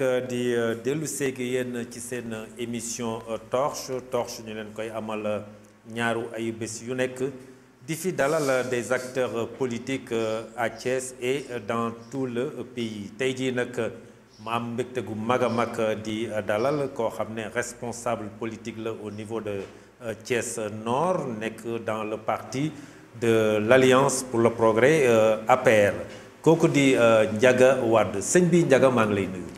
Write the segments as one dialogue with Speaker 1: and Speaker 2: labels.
Speaker 1: Euh, di euh, delu seeg yéen ci sen euh, émission torche torche ñu len koy amal ñaaru ay bés yu nekk di fi dalal des acteurs politiques à Thiès et dans tout le pays tey jii nag ma am mbégte gu mag di dalal ko xamné responsable politique le au niveau de Thiès Nord nek dans le parti de l'Alliance pour le Progrès APR koku di Ndiaga wad sëñ bi Ndiaga maa ngi lay nuyu.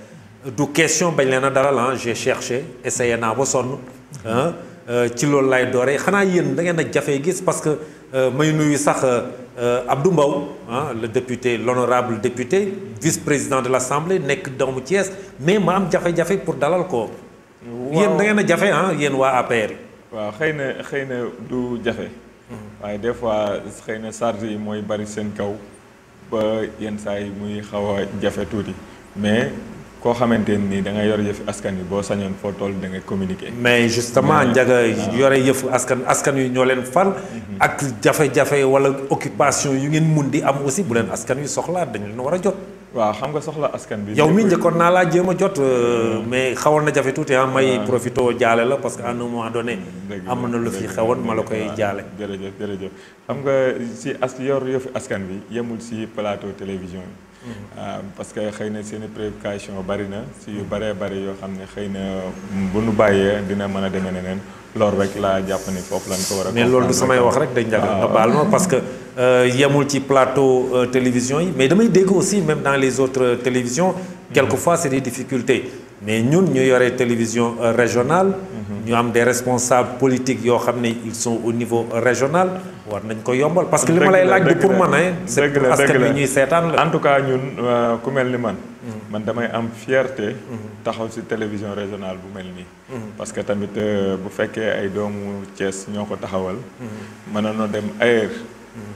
Speaker 1: du question bañ leena a dara la hein, j'ai cherché essayé naa ba sonn hein, euh, ci loolu lay dooree xana yeen da ngeen na jafee gis parce que euh, may nuyu sax euh, Abdou Mbow hein, le député l'honorable député vice-président de l'Assemblée nek doomu Thiès mais ma am jafé pour dalal ko
Speaker 2: yeen da ngeen na jafe ah
Speaker 1: yéen waa APR
Speaker 2: wa xeyna xeyna du jafe waaye des fois xeyna na moy bari sen kaw ba yeen say yi muy xaw a mais koo xamante ni da nga yor yëfu askan wi boo sañoon foo toll da nga communiquer. mais justement njaga
Speaker 1: ah. yore yëfu askan askan wi ñoo leen fal. Mhm. ak jafe-jafe wala occupation yu ngeen mun di am aussi bu leen askan wi soxlaa dañu leen war a jot. waaw xam nga soxla askan bi. yow mi njëkkoon naa laa jéem a jot. Euh, mm. mais xawoon na jafe tuuti ah may profité jaale la parce que à un moment donné. Mm, am na lu fi xewoon ma la koy jaale.
Speaker 2: jërëjëf jërëjëf xam nga si as yor yëfu askan bi yemul si plateau télévision yi. Euh, parce que xëy na préoccupation barina si yu baree bari yo xamné xeyna xëy na bu nu bàyyee dina mëna démé demee lor rek la japp ni foofu lañ ko wara mais lolou du samay wax rek dañ njàng nga baal parce
Speaker 1: que euh yamul ci plateau euh, télévision mais damay dégg aussi même dans les autres euh, télévisions mm-hmm. quelquefois c'est des difficultés mais ñun ñu yore télévision euh, régionale. Mhm. ñu am des responsables politiques yoo xam ne ils sont au niveau régional war nañ ko yombal. parce que li ma lay laaj du pour man ay. Hein, dëgg la ñuy seetaan en tout cas
Speaker 2: ñun euh, ku mel ni man. Mhm. man damay am fierté. Mhm. taxaw ci télévision régionale bu mel parce que tamit euh, bu fekkee ay doomu Thiès ñoo ko taxawal. mën na noo dem ailleurs.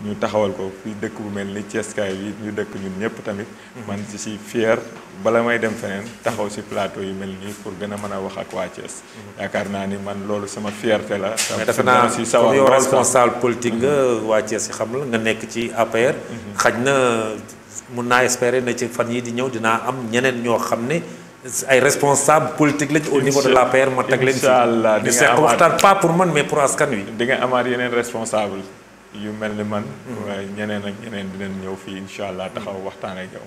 Speaker 2: ñu taxawal ko fii dëkk bu mel ni Ceeskaay yi ñu dëkk ñun ñëpp tamit man ci si fier bala may dem feneen taxaw si plateau yu mel nii pour gën a mën a wax ak waa Cees yaakaar naa ni man loolu sama fierté la mais defe naa si sawar yow responsable
Speaker 1: politique nga mm-hmm. waa Cees yi la nga nekk ci APR mm-hmm. xaj na mun naa espérer na ci fan yi di ñëw dinaa am ñeneen ñoo xam ne ay responsable politique lañ au niveau de l'APR ma teg leen ci incha allah di seq waxtaan pas pour man mais pour askan wi di nga amaat yeneen
Speaker 2: responsable yu mel ni man. Mm. ñeneen ak ñeneen dinañ ñëw fii incha allah taxaw waxtaan ak
Speaker 1: yow.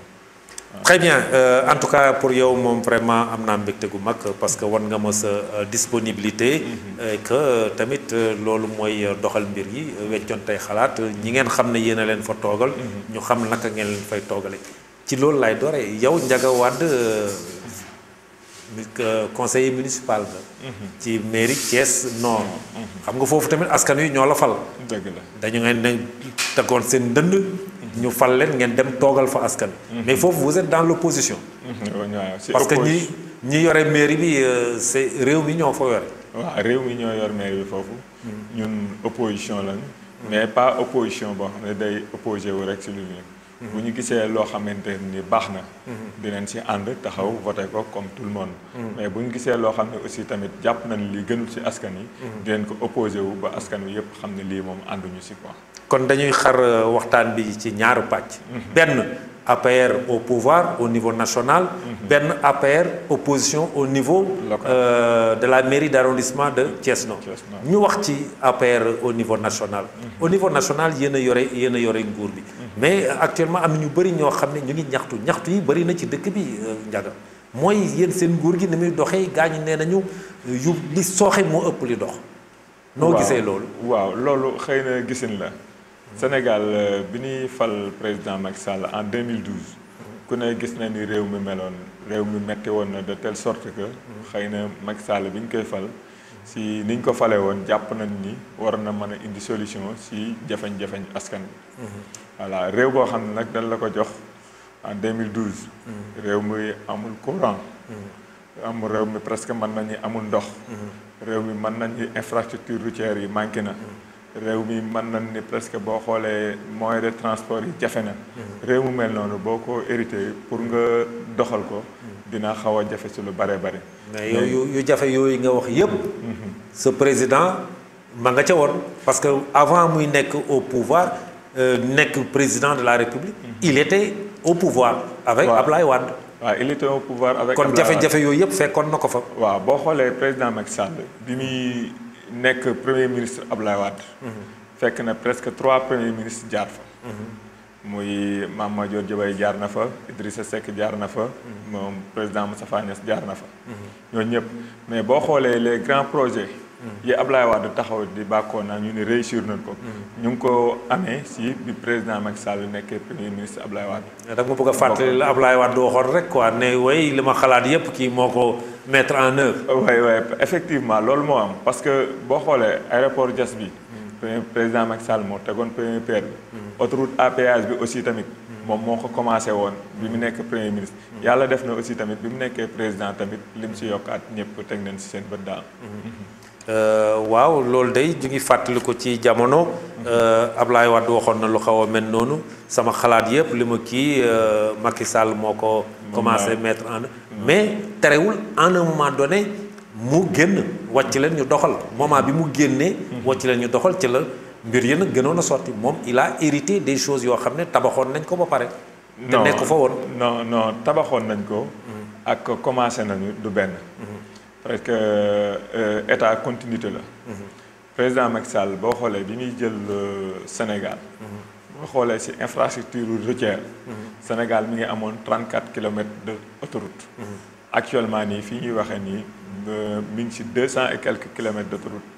Speaker 1: très bien euh, en tout cas pour yow moom vraiment am na mbégte gu mag parce que wan nga ma sa euh, disponibilité. Mm-hmm. que euh, tamit loolu mooy doxal mbir yi weccoon tey xalaat ñi ngeen xam ne yéen leen fa toogal. Mm-hmm. ñu xam naka ngeen leen fay toogale. ci loolu laay doore yow Ndiaga conseiller municipal la. ci mairie Thiès Nord. xam nga foofu tamit askan wi ñoo la fal. dëgg la dañu ngeen ne tegoon seen ñu fal leen ngeen dem toogal fa askan. mais foofu vous êtes dans l'opposition. parce que ñi ñi yore mairie bi
Speaker 2: euh, c'est est réew mi ñoo fa yore. waaw réew mi ñoo yor mairie bi foofu. ñun opposition lañ. mais pas opposition bon, mais d'opposer day opposé bu ñu gisee loo xamante ni baax na. dinañ si ànd taxaw voté ko comme tout le mm-hmm. mais bu ñu gisee loo xam ne aussi tamit jàpp nañ li gënul si askan yi mm-hmm. dinañ ko opposé wu ba askan wi yëpp xam ne lii moom ànduñu si quoi.
Speaker 1: kon dañuy xar euh, waxtaan bi ci ñaaru pàcc. Mm-hmm. benn. APR au pouvoir au niveau national, mhm. Ben APR opposition au niveau euh, de la mairie d'arrondissement de Thiès Nous, ñu wax ci APR au niveau national mhm. au niveau national y a yore yéen a yore nguur bi mhm. mais euh, actuellement am na ñu bëri ñoo xam ne ñu ngi ñaxtu ñaxtu yi bëri na ci dëkk bi euh, njaga mooy qui seen nguur gi ni muy doxee gaa ñi nee nañu yu li sooxe moo ëpp li dox noo gisee loolu waaw loolu xëy
Speaker 2: na la Sénégal euh, bi ñuy fal président Macky Sall en 2012 ku ne gis na ni réew mi meloon réew mi metti woon na de telle sorte que xëy na Macky Sall bi ñu koy fal si niñ ko fale woon jàpp nañ ni war na mën a indi solution si jafe-jafe askan bi réew boo xam ne nag dañ la ko jox en 2012 réew mi amul courant am réew mi presque mën nañu amul ndox mm-hmm. réew mi mën nañu infrastructure routière yi manqué na réew mi mën ni presque beaucoup xoolee moyen de transport yi jafe na. maintenant beaucoup mel hérité pour nga doxal ko. dina xawa jafé ci lu bare bare. mais yooyu
Speaker 1: jafé jafe yooyu nga wax yépp ce président ma nga ci won parce que avant muy nek au pouvoir euh, nek président de la république. il était au pouvoir. avec Ablaye Wade. wa il était au pouvoir avec. kon jafé jafé yooyu yépp fekkoon na ko fa. wa bo
Speaker 2: xolé président Macky Sall bi muy. nekk premier ministre Abdoulaye Wade. fekk na presque trois premiers ministres jaar fa. muy Mame Madior Diabaye jaar na fa Idrissa Seck jaar na fa. moom président Moustapha Niasse jaar na fa. Mhm. ñooñu ñëpp mais boo xoolee les grands projets. yi Ablaye Wade taxaw di bàkkoo naa ñu ne réussir nañ ko. Mm-hmm. ñu ngi ko amee si bi président Macky Sall nekkee premier ministre Ablaye Wade.
Speaker 1: da nga bëgg a fàttali la Ablaye Wade waxoon rek quoi ne way li ma xalaat yépp kii moo ko mettre en œuvre. way way effectivement loolu moo am parce que boo xoolee aéroport Diass bi. Mm-hmm. président
Speaker 2: Macky Sall moo tegoon premier père bi. Mm-hmm. autoroute à bi aussi tamit. moom moo ko commencé woon bi mu nekk premier ministre. yàlla def na aussi tamit bi mu nekkee président tamit lim si yokkaat ñëpp teg nañ si seen bët daal.
Speaker 1: Euh, waaw loolu de ju ngi fàttali ko ci jamono. ab euh, Ablaye Wade waxoon na lu xaw a mel noonu sama xalaat yëpp li ma kii euh, Macky Sall moo ko. commencé mettre en mais terewul en un moment donné mu génn wàcc leen ñu doxal moment bi mu génnee. wàcc leen ñu doxal ci la mbir yi gënoon a sotti moom il a hérité des choses yoo xam ne tabaxoon nañ ko ba pare.
Speaker 3: te nekk fa woon
Speaker 1: non non tabaxoon nañ ko.
Speaker 3: Mm.
Speaker 1: ak commencé nañu du benn. parce
Speaker 2: que euh, état continuité Le mhm. président Macky Sall il xoolee bi le euh, Sénégal. Mhm. boo xoolee ci infrastructure routière. Mhm. Sénégal a 34 km de autoroute. actuellement il y fini
Speaker 1: 200 et quelques kilomètres d'autoroute.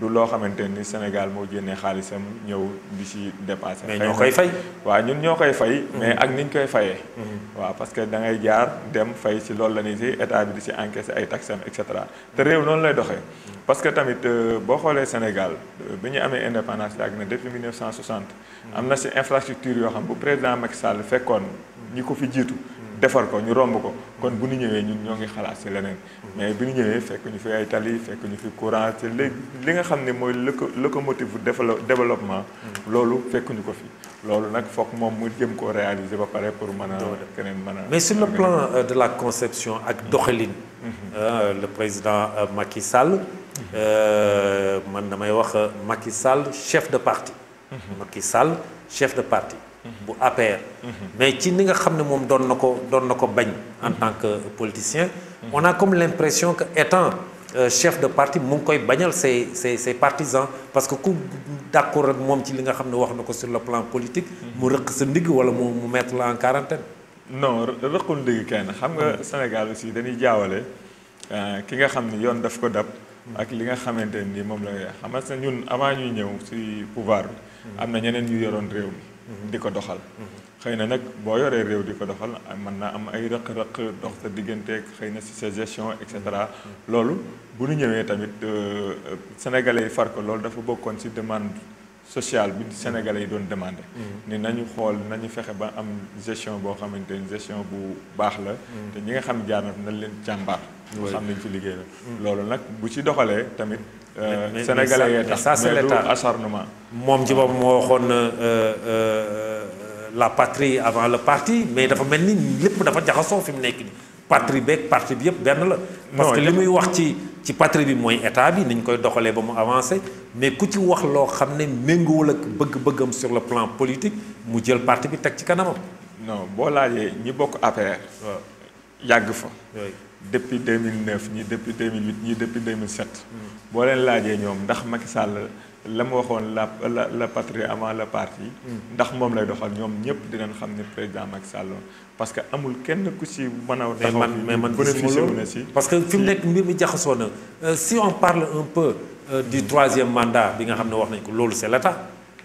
Speaker 2: du loo xamante ni Sénégal moo génnee xaalisam ñëw di si dépassé. mais ñoo koy fay. waa ñun ñoo koy fay. Mm-hmm. mais ak niñ koy fayee. Mm-hmm. waaw parce que da ngay jaar dem fay si loolu la ni si état bi di si encaissé ay taxam et cetera te réew noonu lay doxee. parce que tamit euh, boo xoolee Sénégal euh, bi ñu amee indépendance yàgg na depuis 1960. Mm-hmm. am na si infrastructure yoo xam bu président Macky Sall fekkoon ñi ko fi jiitu. defar ko ñu romb ko kon bu ñu ñëwee ñun ñoo ngi xalaat si leneen mm-hmm. mais bi ñu ñëwee fekk ñu fi ay tali fekk ñu fi courant te léegi li nga xam ne mooy lëkka locomotive bu développement mm-hmm. loolu fekk ñu ko fi loolu nag foog moom mu jëm koo réaliser ba pare pour mën
Speaker 1: a keneen mais sur le plan euh, de la conception ak mm-hmm. doxalin euh, le président euh, Macky Sall man damay wax Macky Sall chef de parti Macky Sall chef de parti bu APR. mais ci ni nga xamné ne don nako don nako bagn en tant que politicien. on a comme l'impression que étant euh, chef de parti mon koy bagnal ses ses ses partisans parce que ku d'accord ak mom ci li nga xamné ne wax nako sur le plan politique. mu rëq sa ndig wala mu mettre la en quarantaine. non rëqul ndigg kenn xam nga Sénégal aussi dañuy jawalé euh, ki
Speaker 2: nga xamné ni daf ko dab. ak li nga xamante ni moom la xamal sa ñun avant ñuy ñew ci pouvoir amna ñeneen ñu yoroon rew mi. Mhm. di ko doxal. Mhm. xëy na nag boo yoree réew di ko doxal man naa am ay rëq-rëq dox sa digganteeg xëy na si sa gestion et cetera. Mhm. loolu bu nu ñëwee tamit euh, sénégalais yi far ko loolu dafa bokkoon si demande sociale bi sénégale yi doon demandé. ni nañu xool nañu fexe ba am gestion boo xamante ni gestion bu baax la. te ñi nga xam jaar na nañ leen jàmbaar. ñu xam nañ fi liggéey la. loolu nag bu ci doxalee tamit. Euh, sénégalais ça c'est l'état acharnement
Speaker 1: moom ci bopp moo waxoon euh, euh, la patrie avant le parti mais dafa melni lepp dafa jaxaso fim nek ni nii patrie beeg parti bi yëpp ben la parce que limuy wax ci ci patrie bi moy état bi niñ koy doxale ba mu avancer mais ku ci wax lo xam mengoul ak bëgg-bëggam sur le plan politique mu jël parti bi tek ci kanamam non bo
Speaker 2: laajee ñi bokk APR yagg fa depuis 2009 ni depuis 2008 ni depuis 2007. Mm. boo leen laajee ñoom ndax Macky Sall la mu la la la patrie avant le parti. Mm. ndax mom lay doxal ñom ñëpp dinañ xam ne président Macky Sall
Speaker 1: parce que amul kenn ku ci mën a. man mais man bénéficié wu na parce que fim mu nekk mbir mi jaxasoo na euh, si on parle un peu euh, du troisième mandat bi nga xam wax nañ ko lolu c'est l'État.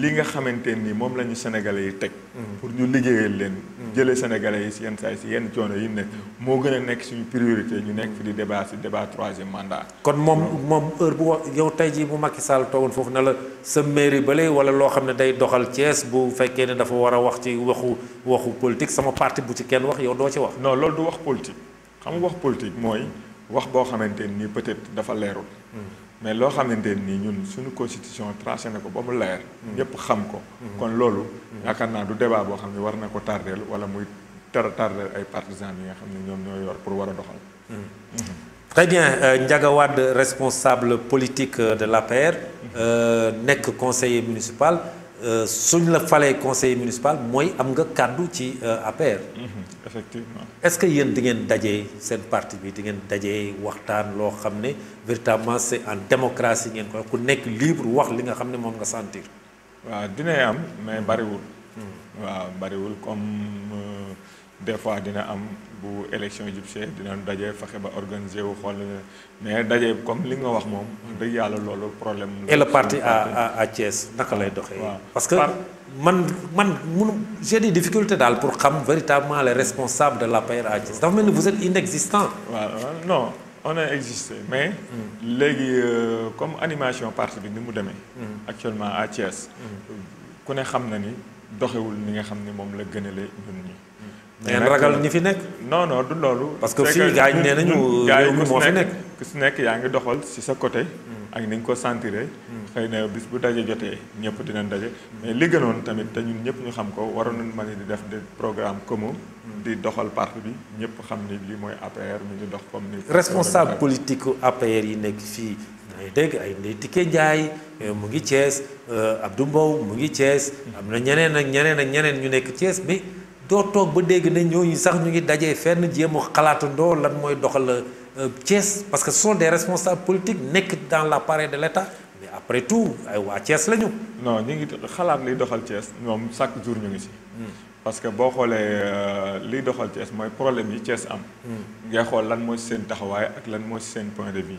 Speaker 2: li nga xamante nii moom la ñu sénégalais yi teg. Mm. pour ñu liggéeyal leen. Mm. jëlee sénégalais yi si yenn saa si yenn coono yi ne moo gën a nekk suñu priorité ñu nekk fi di débat si débat troisième mandat. kon moom mm.
Speaker 1: moom heure bu wax yow tey jii bu Macky Sall toogoon foofu na la sa mairie bële wala loo xam ne day doxal Thiès bu fekkee ne dafa war a wax ci waxu waxu politique sama parti bu ci kenn wax yow doo ci wax. noo loolu du wax
Speaker 2: politique xam wax politique mooy wax boo xamante ni peut-être dafa leerul. mais loo xamante ni ñun suñu constitution tracé na ko ba mu leer. ñëpp xam ko. kon lolu yaakaar naa du débat bo xamné ne war na ko wala muy tara tardel ay partisans yi nga xam ne ñoom yor pour wara doxal.
Speaker 1: très bien euh, Ndiaga wad responsable politique euh, de l'APR. Euh, nek conseiller municipal. Euh, suñ la falee conseil municipal mooy am nga kàddu ci euh, APR. Mhm, effectivement est-ce que yéen di ngeen dajee seen parti bi di ngeen dajee waxtaan loo xam ne véritablement c'est en démocratie ngeen koy ku nekk libre wax li nga xam ne moom nga sentir. waa dina am mais mhm.
Speaker 2: bariwul. Mhm. waaw bariwul comme euh, des fois dina am. bu élection yi jub see dinañ daje ba organiser wu xool mais daje comme li nga wax moom dëgg yàlla loolu problème. et le parti à
Speaker 1: à Thiès naka lay doxee. parce que man man j'ai des difficultés daal pour xam véritablement les responsables de l'APR à Thiès dafa vous êtes inexistant. waaw non on a existé mais. Hmm. léegi euh,
Speaker 2: comme animation parti bi ni mu demee. Hmm. actuellement à Thiès. Hmm. ku ne xam na ni doxewul ni nga xam ni moom la gënalee ñun ñi. ngeen ragal ñi fi nekk. non non du loolu. parce que fii gars yi nee nañu réew mi moo fi nekk ku nekk yaa ngi doxal si sa côté. Mm. ak ni nga ko sentiré. Mm. xëy na bis bu daje jotee ñëpp dinañ daje. mais li gënoon tamit te ñun ñëpp ñu xam ko waroon nañu mën di def des programme commun. Mm. di doxal parti bi ñëpp xam ni lii mooy APR mi ngi dox comme ni. responsable politique
Speaker 1: APR yi nekk fii. ay dégg ay Ndeye Tické Ndiaye euh, mu ngi cees Thiès euh, du Mbow mu ngi cees am na ñeneen ak ñeneen ak ñeneen ñu nekk Thiès bi doo toog ba dégg ne ñooñu sax ñu ngi dajee fenn jéem a xalaatandoo lan mooy doxal cees euh, parce que ce sont des responsables politiques nekk dans l'appareil de l'État mais après tout ay waa Thiès la ñu. non ñu ngi xalaat liy doxal Thiès ñoom
Speaker 2: chaque jour ñu ngi si. Hmm. parce que boo xoolee euh, liy doxal Thiès mooy problème yi Thiès am. Hmm. ngay xool lan mooy seen taxawaay ak lan mooy seen point de vue.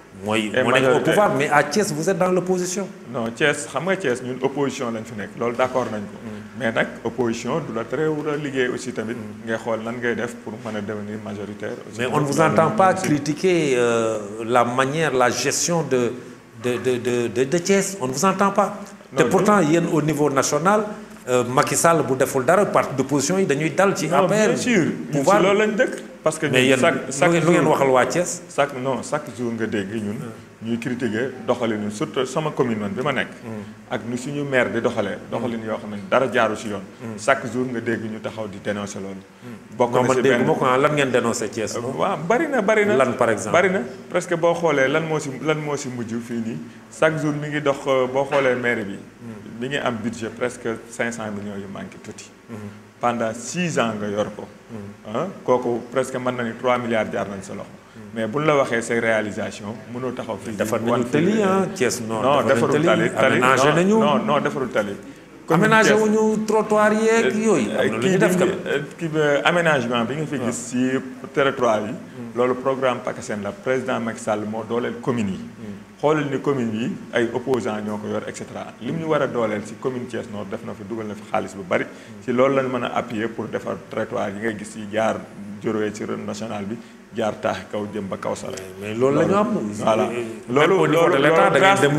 Speaker 1: mooy moo au pouvoir mais à Thiès
Speaker 2: vous êtes dans l'opposition non Thiès xam nga nous ñun opposition lañ fi d'accord nañ ko mm. mais l'opposition, opposition du la très la aussi tamit mm. ngay xool nan ngay def pour devenir majoritaire mais on ne vous entend mm. pas
Speaker 1: critiquer euh, la manière la gestion de de de de Thiès on ne vous entend pas Et pourtant a au niveau national Euh, Macky Sall bu deful dara parti d'opposition yi dañuy dal ci. APR bien sûr pouvoir loolu lañ dëkk. parce que ñun chaque chaque jour lu ngeen waxal waa Thiès.
Speaker 2: chaque non chaque jour nga dégg ñun. ñuy critiquer doxalin surtout sama commune man bi ma nekk. Mm. ak nu suñu maire bi doxalee. doxalin yoo xam ne dara jaaru si yoon. Mm. chaque jour nga dégg ñu taxaw di dénoncer loolu. Mm. bokk na si benn ko ah, lan ngeen dénoncer Thiès. waaw bari na bari na lan par exemple bari na presque boo xoolee lan moo si lan moo si mujj fii nii chaque jour mi ngi dox euh, boo xoolee maire bi. nous avons un budget presque 500 millions de pendant 6 ans que nous avons presque 3 milliards d'euros. selon mm-hmm. mais pour le voir c'est réalisation mon autre affaire d'affaires de l'italien qui est non d'affaires de l'italien non non d'affaires de l'italien aménagé wu trottoir yeeg yooyu. am na ñu def kam aménagement bi nga fi ah. gis ci territoire yi. Hmm. loolu programme PACASEN la président Macky Sall moo dooleel commune yi. Hmm. xoolal ni commune yi ay opposants ñoo ko yor et cetera lim ñu war a dooleel si commune Thiès Nord def na fi dugal na fi xaalis bu bari. Hmm. ci loolu lañ mën a appuyer pour defar territoire yi nga gis ci jaar jorowee ci réseau national bi. jaar taax kaw jëm ba kaw sara mais loolu la ñu am voilà loolu loolu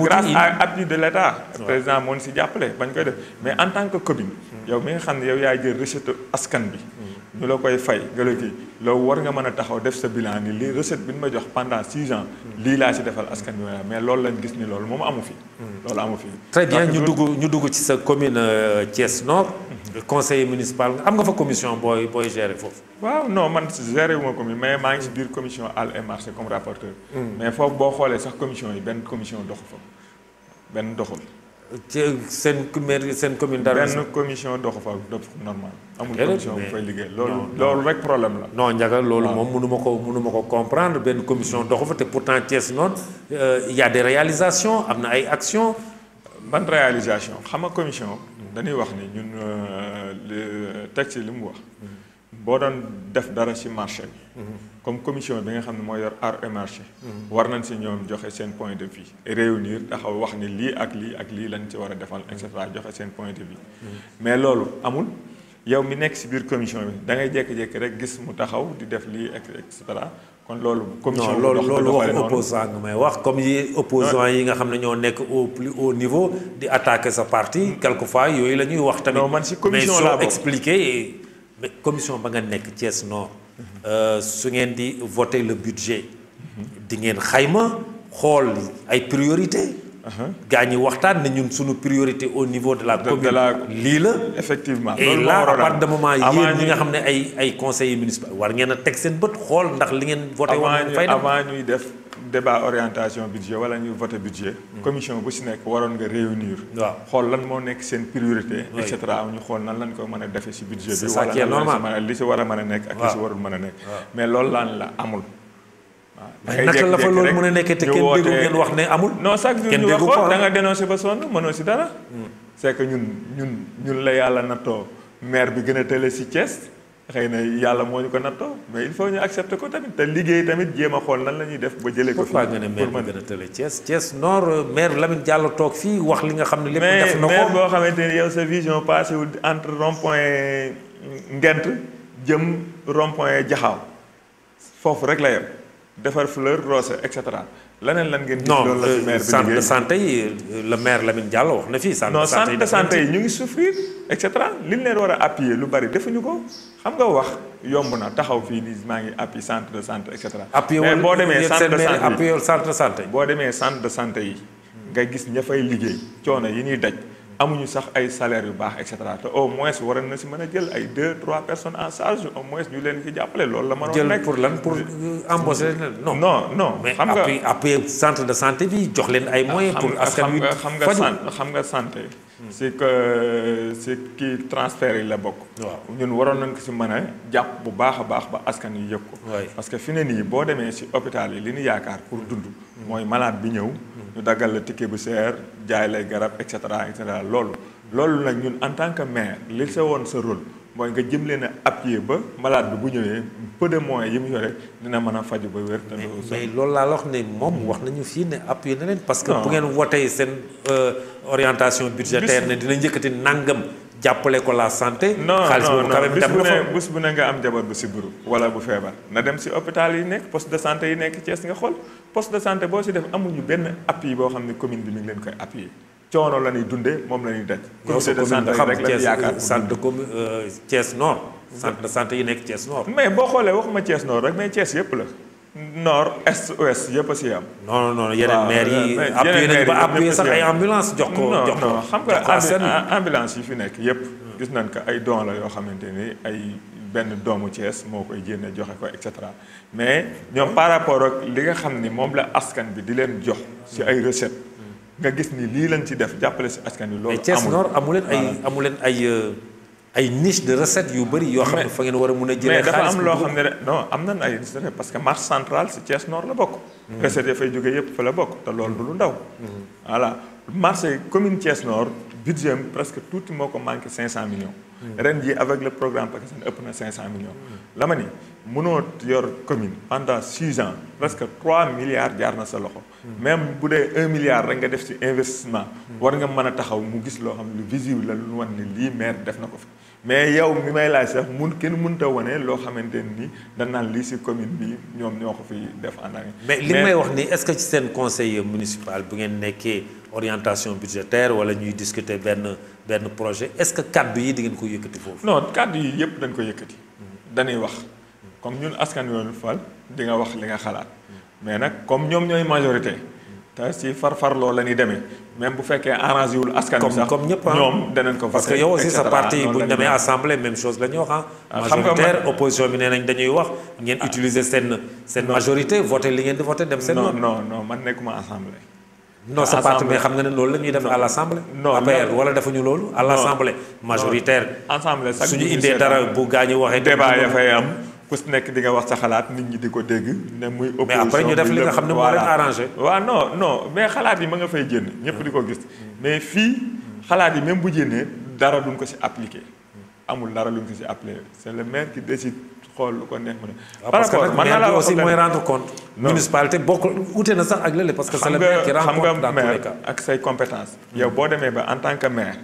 Speaker 2: grâce à appui de l'état président moo ñu si jàppale bañ koy def mais en tant que commune mm. yow mi nga xam ne yow yaay jël recette askan bi mm. ñu la koy fay nga la kii loolu war nga mën taxaw def sa bilan ni li recette bin ñu ma jox pendant six ans lii laa si defal askan mais loolu lañ gis ni loolu moom amu fi loolu amu fi
Speaker 1: très bien ñu dugg ñu dugg ci sa commune euh, Thiès Nord le conseiller municipal am nga fa commission boy boy gérer foofu
Speaker 2: waaw non man gérer wu ma commune mais maa ngi si biir commission al et marché comme rapporteur hmm. mais foofu boo xoolee sax commission yi ben commission doxu fa benn doxul
Speaker 1: ci seen maire seen commune. dara commission doxu fa dox normal.
Speaker 2: amul commission bu fay liggéey loolu loolu rek
Speaker 1: problème la. non njaga loolu moom mënu ma ko mënu ma comprendre benn commission doxu fa te pourtant Thiès noonu euh, il y a des réalisations am na ay actions. ban réalisation xam commission.
Speaker 2: dañuy wax ni ñun euh, texte li wax. Hmm boo def dara marché comme commission bi nga art et marché war nañ ci ñoom joxe point de vue réunir taxaw wax ni ak ak et point de vue mais amul yow mi ci commission bi da ngay rek
Speaker 1: gis mu taxaw di def et cetera kon commission comme opposant yi au plus haut niveau di attaquer sa parti quelquefois fois, wax mais mais commission ba nga nek ties Nord euh, su ngeen di voter le budget di ngeen xayma xool ay priorité Uh-huh. gaa ñi waxtaan nañu ñun suñu priorité au niveau de la commune lii la effectivement et là à partir ñi nga xam ne ay ay war ngeen a teg seen bët xool ndax li ngeen voté woon fay avant ñuy def débat
Speaker 2: orientation budget wala ñuy voté budget hmm. commission bu si nekk waroon nga réunir waaw xool lan moo nekk seen priorité et cetera ñu xool nan lañ ko mën a defe si budget bi wala li si a li si war a mën a nekk ak li si warul mën a nekk mais loolu laan la amul naka la fa loolu mën a nekkee te kenn déggu ngeen wax ne amul. non chaque jour ñu wax ko da nga ah. dénoncé ba sonn mënoo si dara. Hmm. c'est que ñun ñun ñun la yàlla nattoo maire bi gën a tële si Thiès xëy na yàlla moo
Speaker 1: ñu ko nattoo mais il faut ñu accepter ko tamit te liggéey tamit jéem a xool nan la ñuy def ba jëlee ko. fi nga ne maire bi gën a tële Thiès Thiès Nord maire Lamine Diallo toog fii wax li nga xam ne. li def na ko mais maire boo xamante
Speaker 2: ni yow sa vision passé wul entre rond point Ngent jëm rond point Jaxaaw foofu rek la yem. defar fleur rose et cetera
Speaker 1: leneen lan ngeen. loolu la euh, maire bi centre de santé yi euh, le maire Lamine Diallo wax na fii. centre de yi non centre de santé yi ñu
Speaker 2: ngi souffrir et cetera li leen war a appuyer lu bari ñu ko xam nga wax yomb na taxaw fii nii maa ngi appuyer centre de santé et app appuyer mais boo demee centre de santé appuyer
Speaker 1: centre de santé.
Speaker 2: boo demee centre de santé yi. nga gis ña fay liggéey coono yi ñuy daj. amuñu sax ay salaire yu baax et cetera te au moins waroon na si mën a jël ay deux trois personnes en charge au moins ñu leen ci jàppale loolu la. mënoon nekk jël pour lan pour
Speaker 1: euh, embaucher non non non. xam nga centre de santé bi jox leen ay moyens. pour ah, askan wi xam nga xam nga xam nga santé. Hmm. si que
Speaker 2: si kii transfert yi la bokk. ñun waroon nañ ko si mën a jàpp bu baax a baax ba askan wi yëg ko. parce que fi ne nii boo demee si hôpital yi li ñu yaakaar pour dund. Hmm. mooy malaat bi ñëw. ñu daggal la ticket bu seer jaay lay garab et cetera et loolu. loolu nag ñun en tant que maire li sa woon sa role mooy nga jëm leen a appuyer ba malaat bi bu
Speaker 1: ñëwee peu de moyens yi mu yore dina mën a faju ba wér. te mais loolu laa la wax ne wax nañu fii ne appuyer na parce que bu ngeen wootee seen euh, orientation budgétaire ne dina njëkkati nangam. jàppale ko la santé. xaalis boobu quand même dem nga
Speaker 2: bu ne nga am jabar bu si buru wala bu feebar na dem si hôpital yi nekk poste de santé yi nekk Thiès nga xool. poste de santé boo si def amuñu benn appui boo xam ne commune bi mi ngi leen koy appuyé coono la dundee moom la ñuy daj. poste de santé rek la ñuy yaakaar centre
Speaker 1: commune euh, Thiès Nord. centre de yi nekk Thiès Nord.
Speaker 2: mais boo xoolee waxuma Thiès Nord rek mais Thiès yëpp la. nord yëpp si am.
Speaker 1: non non yeneen maire yi appuyé nañu ba appuyé sax jox ko jox xam nga
Speaker 2: ambulance yi fi nekk yëpp. gis nañ ko ay don la yoo xamante ni ay. benn doomu Thiès moo koy génne joxe ko etc mais ñoom par rapport ak li nga xamni mom la askan bi di len jox ci ay recette nga gis ni li lañ ci def jappalé ci askan yi loolu Thiès Nord amu leen ay
Speaker 1: amu leen ay euh, ay niche de recette yu bari yo xam fa ngeen wara mëna mun dafa am lo xam
Speaker 2: non am nañ ay niche parce que marché central ci Thiès Nord la bokk hmm. recette ya fay jógee yépp fa la bokk té loolu du lu ndaw hmm. voilà marché commune Thiès Nord budget presque tout moko ko 500 millions Mm. ren jii avec le programme Pakistan ëpp na 500 millions. Mm. lama ma ni mënoo yor commune pendant 6 ans presque 3 milliards jaar na sa loxo. Mm. même bu dee un milliard rek nga def ci investissement. war nga mën a taxaw mu gis loo xam lu visible la lu wan ni lii maire def na ko fi. mais yow mi may laaj sax mun kenn mënut a wane loo xamante ni dañ naan lii si commune bi ñoom ñoo ko fi def en mais li may wax ni est-ce
Speaker 1: que ci seen conseil municipal bu ngeen nekkee. orientation budgétaire wala ñuy discuter ben ben projet est-ce que cadre yi di ngeen ko yëkëti fofu
Speaker 2: non cadre yi yëpp dañ ko yëkëti dañuy wax comme ñun askan wi fal di nga wax li nga xalaat. mais nak comme ñom ñoy majorité. ci far far lo lañu démé même bu féké arrangé wul askan bi sax comme ñëpp hein? ñoom
Speaker 1: danañ ko parce que yow aussi sa parti bu ñu assemblée même chose la wax hein? ah, majorité majoritaire opposition bi nee dañuy wax ngeen ah. utiliser cette seen majorité voter li ngeen di voter dem seen non non non man nekuma assemblée
Speaker 3: non sa parti mais
Speaker 1: xam nga ne loolu la ñuy def à l' assemblée. non wala defuñu loolu. à l' assemblée majoritaire. assemblée sax suñu indee dara bu gaañu waxee. débat ya fay
Speaker 2: am ku si nekk di nga wax sa xalaat nit ñi di ko dégg. ne muy opposition mais ñu def li nga xam ne moo leen arrangé. waaw non non mais xalaat yi ma nga fay jënd. ñëpp di ko gis mais fii. xalaat yi même bu jëndee dara duñ ko si appliqué. amul dara luñ ko si appliqué c' est le maire qui xool lu ko neex mu ne. par rapport man naa la aussi mooy rendre
Speaker 1: compte. municipalité bokk ute na sax ak lële
Speaker 2: parce que c'est le maire qui rend compte dans tous les cas ak say compétence yow boo demee ba en tant que maire.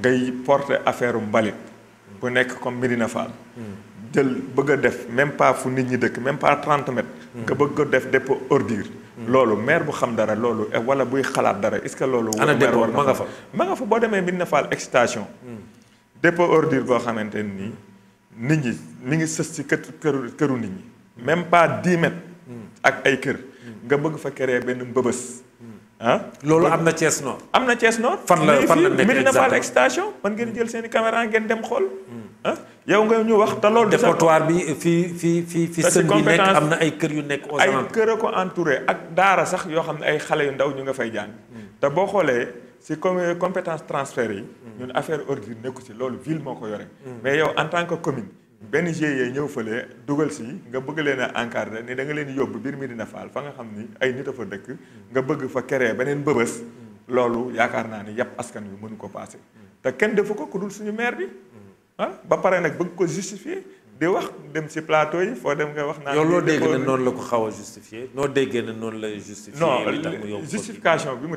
Speaker 2: ngay porter affaire mbalit. bu nekk comme Medina Fall. jël bëgg a def même pas fu nit ñi dëkk même pas 30 mètres. nga bëgg a def dépôt ordure. loolu maire bu xam dara loolu wala buy xalaat dara est-ce que loolu. ana dépôt ma nga fa ma nga fa boo demee Medina Fall excitation. dépôt ordure boo xamante nii. nit ñi mi ngi sës ci këru këru nit ñi même pas dix ak ay kër nga bëgg fa kere benn
Speaker 1: mbëbës ah loolu am na cees Nord
Speaker 2: am na cees Nord fan la fan la nekk Médina Fall extension man ngeen mm. jël seeni i ngeen dem xool ah yow nga ñu wax te loolu dépotoir bi
Speaker 1: fii fii fii fii sën bi nekk am na ay kër yu nekk ay
Speaker 2: kër ko entouré ak daara sax yoo xam ne ay xale yu ndaw ñu nga fay jàng mm. te boo xoolee C'est comme euh, compétence transférée. Mm. Une affaire ville mm. mais en tant que commune. Ben, GIE ñëw fële nga bëgg encadrer ni da nga leen Fall fa nga ay mm. nga bëgg fa créer askan mënu ko passer te kenn ko ku dul suñu maire bi. Ah, ba bëgg ko justifier. di wax dem si plateau yi foo dem nga wax. dégg la ko
Speaker 1: xaw justifier. ne justifier. non
Speaker 2: justification bi mu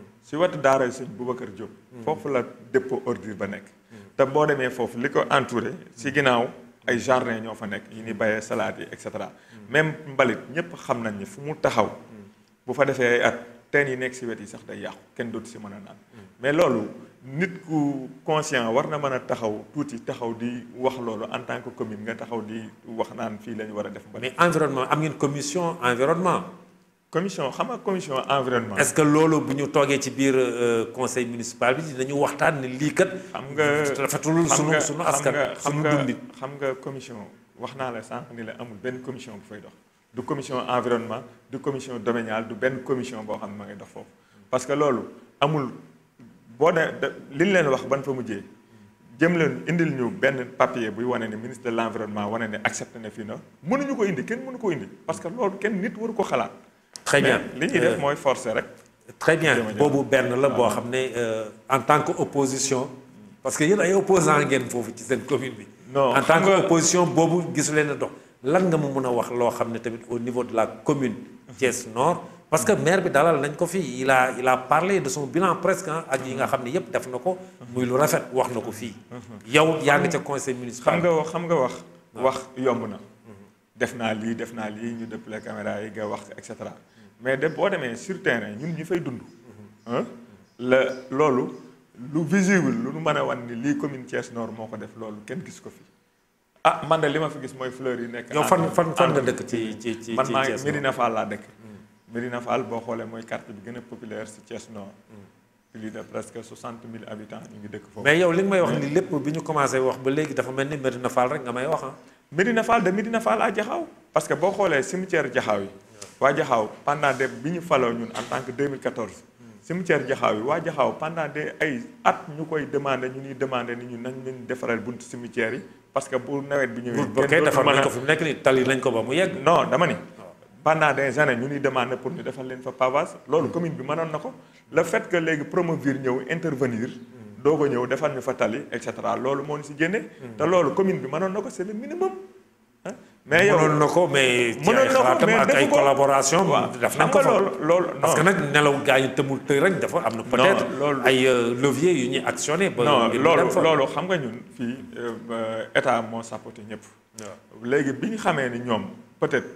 Speaker 2: si wetu daara ba kër Diop. Hmm. foofu la dépôt ordure ba nekk. te boo demee foofu li ko entouré si ginnaaw ay jardin ñoo fa nekk yi ni bayee salade yi et cetera. Hmm. même mbalit ñëpp xam nañ ni fu mu taxaw. Hmm. bu fa defee ak at teen yi nekk si wet yi sax day yàqu kenn dootu si mën a naan. mais loolu nit ku conscient war na mën a taxaw tuuti taxaw di wax loolu en tant que commune nga taxaw di wax naan fii la ñu
Speaker 1: war a def. mais environnement am ngeen commission environnement. commission xama commission environnement. est-ce que lolo buñu togué ci biir euh, conseil municipal bi dañu waxtaan ni lii kat. xam nga rafetul sunu sunu askan. xam nga
Speaker 2: xam nga commission waxna la sànq ni la amul ben commission bu fay dox. du commission environnement du commission domaniale du ben commission bo xam ne ma ngay dox parce que lolo amul bo de liñ leen wax ban fa mujjé jëm leen indil ñu ben papier buy wone ni ministre de l'environnement wone ni accepté na fii na
Speaker 1: mënuñu ko indi kenn mënu ko indi parce que lolo kenn nit waru ko xalaat très bien li ñuy def euh, mooy rek. très bien boobu benn la boo xam euh, en tant que opposition. parce que yéen ay opposant mm. ngeen foofu ci seen commune bi. en tant que opposition boobu gisu leen a dox. lan nga mu mën wax loo xam ne au niveau de la commune. Thiès Nord parce que maire bi dalal nañ ko fii il a il a parlé de son bilan presque hein, ak yi nga xam ne yëpp def na ko. muy lu rafet wax na ko fii. Mm-hmm. yow yaa ngi mm-hmm. ca conseil municipal. xam nga
Speaker 2: wax xam nga wax. wax yomb na. def naa lii def naa lii ñu déployer caméra yi nga wax et cetera mais de boo demee sur terrain ñun ñu fay dund. la loolu lu visible lu nu mën a wan ni lii commune Thiès Nord moo ko def loolu kenn gis ko fi. ah man de li ma fi gis mooy fleur yi nekk. yow fan fan fan nga dëkk ci ci ci man maa ngi Médina Fall laa dëkk. Hmm. Médina Fall boo xoolee mooy quartier bi gën a populaire si Thiès Nord. Hmm. plus de presque soixante mille habitants ñu ngi dëkk foofu. mais yow li nga may wax ni lépp
Speaker 1: bi ñu commencé wax ba léegi dafa mel ni Médina Fall rek nga may wax Médina Fall de Médina Fall à
Speaker 2: Jaxaaw parce que boo xoolee cimetière Jaxaaw yi waa Jaxaaw pendant de bi ñu faloo ñun en tant que 2014 hmm. cimetière Jaxaaw yi waa Jaxaaw pendant de ay at ñu koy demandé ñu nuy demande ni ñu nañ leen defaral buntu cimetière yi parce que bu nawet bi ñëwee. bu bokkee defar nañ ko fi mu nekk nii tali nañ ko ba mu yegg. non dama ni. Oh. pendant des années ñu ñuy demande pour ñu defal leen fa pavage loolu hmm. commune bi mënoon na ko le fait que léegi Promovilles ñëw intervenir. Hmm. dogo ko defal ñu fatali et cetera lolu mo ni ci génne. Hmm. té lolu commune bi mënoon nako c'est le minimum. Hein? mais yow mënoon
Speaker 1: na mais. mënoon na ko ak ay collaboration. def nako lolu lolu parce que nak nelaw gaay yi tëmul tëy rek dafa am na. peut-être ay euh, levier yu ñi actionné. ba non loolu loolu
Speaker 2: xam nga ñun fi euh, état mo sapoté ñëpp. légui biñ xamé ni ñom peut-être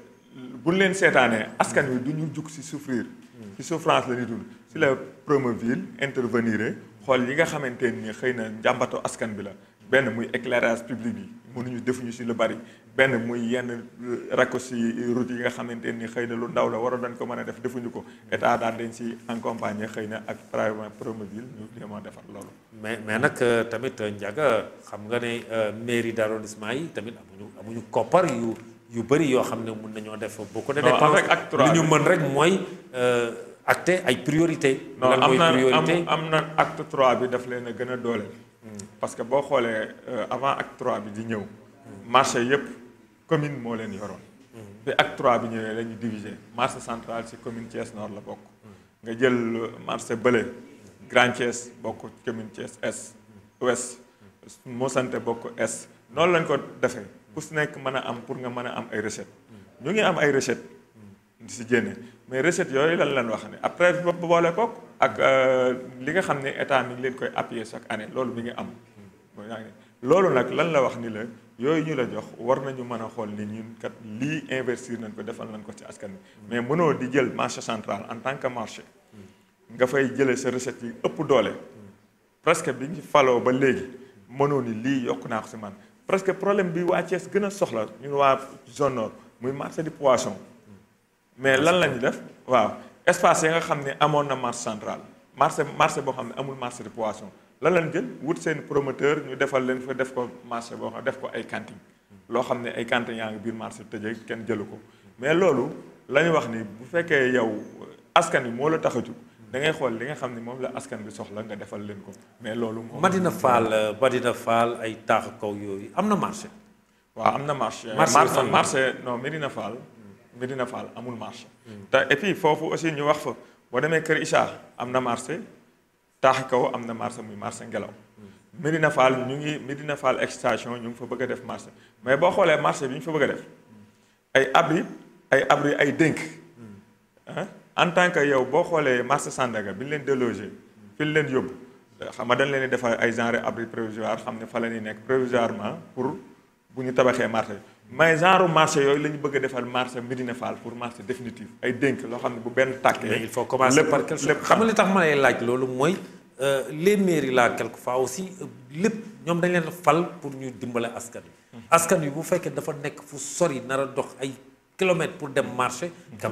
Speaker 2: buñ leen sétané askan wi duñu juk ci souffrir. ci hmm. souffrance la ni dul si la Promoville intervenir. xool yi nga xamante nii xëy na njàmbato askan bi la benn muy éclairage public bi ñu defuñu si lu bari benn muy yenn si euh, route yi nga xamante nii xëy na lu ndaw la waroon dañ ko mën a def defuñu ko état daal dañ si accompagner xëy na ak private promobile ñu jéem a defar loolu.
Speaker 1: mais mais nag euh, tamit euh, Ndiaga xam nga ne mairie d'arrondissement yi tamit amuñu amuñu koppar yu yu bëri yoo xam ne mun nañoo def. boo ko defee lu ñu mën rek mooy. acte ay priorité lan mooy priorité am acte
Speaker 2: 3 bi daf leen gëna gën parce que bo xolé euh, avant acte 3 bi di ñëw marché yépp commune mo leen yoroon bi acte 3 bi ñëwee lañu diviser marché central ci commune Thiès Nord la bok nga jël euh, marché Belé Grand Thiès bok commune Thiès est ouest mo santé bok est non lañ ko défé ku si nekk mën am pour nga mëna am ay recettes ñu ngi am ay recettes di si génne mais recette yooyu lan leen wax ne après bu boole kook ak euh, li nga xam ne état mi ngi leen koy appuyer chaque année loolu mi ngi am. loolu nag lan la wax nii la yooyu ñu la jox war nañu mën a xool ni ñun kat lii investir nañ ko defal nañ ko ci askan bi mais mënoo di jël marché centrale en tant que marché. nga fay jëlee sa recette yi ëpp doole. presque bi ñu faloo ba léegi mënoo ni lii yokk naa ko si man presque problème bi waa Thiès gën a soxla ñu waa zone nord muy marché du poisson. mais lan la ñu def waaw espace yi nga xam ne amoon na marché centrale marché marché boo xam ne amul marché de poisson lan lañ jël wut seen promoteur ñu defal leen fa def ko marché boo xam def ko ay cantine loo xam ne ay cantine yaa ngi biir marché tëjee kenn jëlu ko mais loolu la ñu wax ni bu fekkee yow askan wi moo la tax a jug da ngay xool li nga xam ni moom la askan bi soxla nga defal leen ko mais loolu. moom Madina Fall
Speaker 1: Madina Fall ay taax kaw yooyu am na marché. waaw am na marché. marché non
Speaker 2: Medina Fall. Medina Fall amul marché. Hmm. te et puis foofu aussi ñu wax fa boo demee Kër Issa am na marché taax kaw am na marché muy marché ngelaw. Medina hmm. faal ñu ngi Medina Fall extension ñu ngi fa bëgg a def marché mais boo xoolee marché bi ñu fa bëgg a def hmm. ay abri ay abri ay dénk. en tant que yow boo xoolee marché Sandaga bi ñu leen délogé fi ñu leen yóbbu xam nga dañ leen di defar ay genre abri provisoire xam ne fa la ñuy nekk provisoirement pour bu ñu tabaxee marché bi. mais genre marché yooyu la ñu bëgg a defal marché Médina Fall pour marché définitif ay dénk loo xam ne bu benn tàkkee. mais il faut commencer par quelque chose xam nga li tax
Speaker 1: ma lay laaj loolu mooy euh, les mairies là quelque fois aussi euh, lépp ñoom dañ leen fal pour ñu dimbale askan wi. Hmm. askan wi bu fekkee dafa nekk fu sori nar a dox ay kilomètres pour dem marché. quand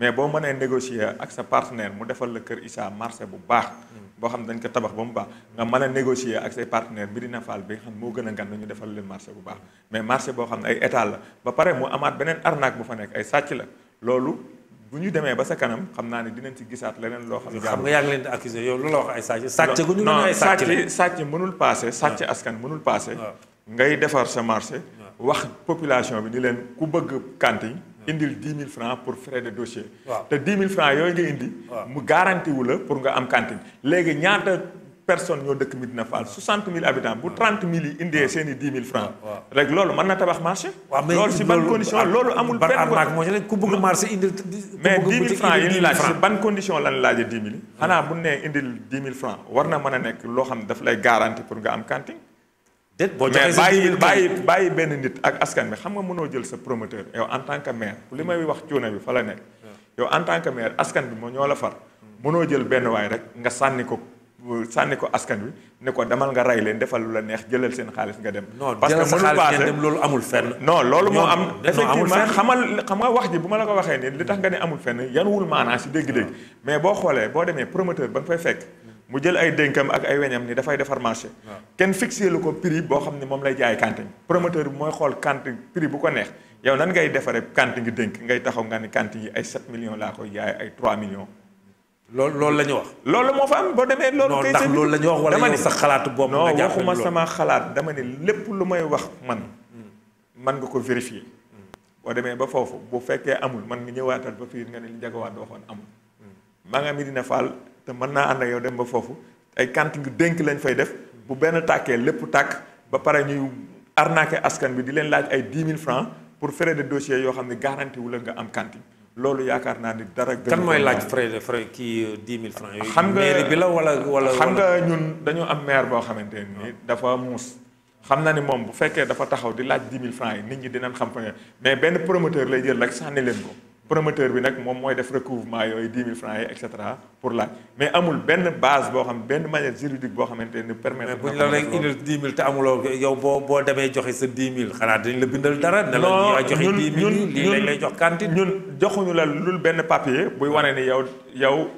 Speaker 2: mais boo mënee négocier ak sa partenaire mu defal la Kër Issa marché bu baax. boo xam ne dañ ko tabax ba mu baax nga mën a négocier ak say partenaire Médina Fall bi nga xam moo gën a ngan ñu defal leen marché bu baax mais marché boo xam ne ay état la ba pare mu amaat beneen arnaque bu fa nekk ay sàcc la loolu. bu ñu demee ba sa kanam xam naa ne dinañ ci gisaat leneen loo xam. xam nga yaa ngi leen di accuser yow lu la wax ay sàcc. sàcc gu ñu ne ay sàcc non sàcc mënul paase. sàcc askan mënul paase. ngay defar sa marché. wax population bi ni leen ku bëgg kanti indil dix mille francs pour frais de dossier. te dix mille francs yooyu nga indi. mu garanti la pour nga am cantine. léegi ñaata personne ñoo dëkk Médina Fall soixante mille habitants bu trente mille yi indee seen i dix mille francs. rek loolu mën na tabax marché. loolu si ban condition loolu amul. benn arnaque
Speaker 1: ku bëgg mais dix mille francs yi ñu laaj si
Speaker 2: ban condition lan laajee dix mille. xanaa bu nee indil dix mille francs war na mën a nekk loo xam daf lay garanti pour nga am cantine. déet boo joxee sa mais bàyyi bàyyi benn nit ak askan bi xam nga mënoo jël sa promoteur yow en tant que maire li may wax cuuna bi fa la nekk. yow en tant que maire askan bi moo ñoo la far. mënoo jël benn waay rek nga sànni ko sànni ko askan bi ne ko demal nga rey leen defal lu la neex jëlal seen xaalis nga dem. parce que mënul paase dem loolu amul fenn. non loolu moo am. effectivement xamal xam nga wax ji bu ma la ko waxee nii li tax nga ne amul fenn yan wul maanaa si dégg-dégg. mais boo xoolee boo demee promoteur ba nga fay fekk. mu jël ay dénkam ak ay weñam ni dafay defar marché kenn fixé lu ko prix boo xam ne moom lay jaay kanting promoteur bi mooy xool kanting prix bu ko neex yow nan ngay defaree kanting gi dénk ngay taxaw nga ni kanting yi ay 7 millions laa koy jaay ay 3 millions loolu loolu la ñu wax. loolu moo fa am boo demee. loolu kay seen loolu la ñu wax wala yow sa xalaatu boobu. nga jàpp waxuma sama xalaat dama ne lépp lu may wax man. Hmm. man nga ko vérifier. Hmm. boo demee ba foofu bu fekkee amul man nga ñëwaatal ba fii nga ne li Ndiaga Wade waxoon amul. Hmm. maa ngi am Medina Fall te mën naa ànd ak yow dem ba foofu ay cantine yu dénk fay def bu benn tàkkee lépp tàkk ba pare ñuy arnaqué askan bi di leen laaj ay dix mille francs pour frais de dossier yoo xam ne garanti wu la nga am cantine loolu yaakaar naa ni dara. gën kan mooy laaj frais
Speaker 1: de frais kii euh, dix mille francs yooyu. xam nga mairie bi la wala wala. xam nga ñun
Speaker 2: dañoo am maire boo xamante ni dafa muus. xam na ni moom bu fekkee dafa taxaw di laaj dix mille francs yi nit ñi dinañ xam fa mais benn promoteur lay jël rek sànni leen ko. promoteur bi nak mom moy def recouvrement yoy francs pour mais base bo xam manière juridique des xamanteni permettre. mais
Speaker 1: la te yow
Speaker 2: papier ni yow yow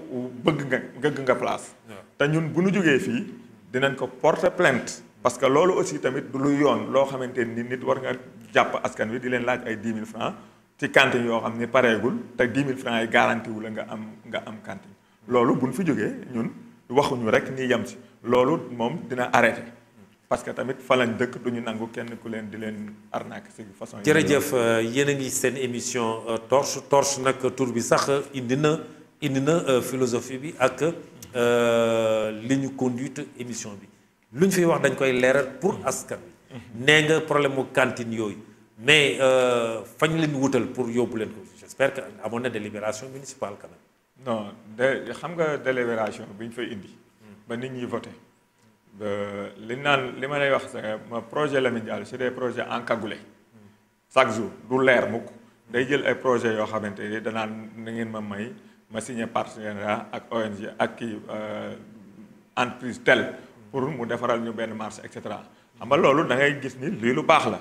Speaker 2: bëgg nga place. te ñun porter plainte. parce que lolu aussi tamit du lu yoon nit war nga askan francs ci cantine yoo xam ne pareegul te 10 000 francs yi garantie wu la nga am nga am cantine loolu buñ fi jógee ñun waxuñu rek nii yem si loolu moom dina arrêté parce que tamit fa lañ dëkk duñu nangu kenn ku leen di leen arnaque si façon. jërëjëf
Speaker 1: euh, yéen a ngi seen émission euh, torche torche nag tur bi sax indi na indi na euh, philosophie bi ak liñu conduite émission bi luñ fi wax dañ koy leeral pour askan wi. Mm-hmm. nee nga problème mu cantine yooyu. mais euh, fañ leen wutal pour yóbbu leen ko j' espère que amoon na délibération municipale quand même. non de xam nga délibération bi ñu fay indi.
Speaker 2: Hmm. ba nit ñi voté. li naan li ma lay wax ma projet Lamine Diallo c' est des projets encagoulés hmm. chaque jour du leer mukk day jël ay projet yoo xamante ne danaan na ngeen ma may ma signé partenariat ak ONG ak kii euh, entreprise telle pour mu defaral ñu benn marché et cetera xam nga loolu da ngay gis ni lii lu baax la.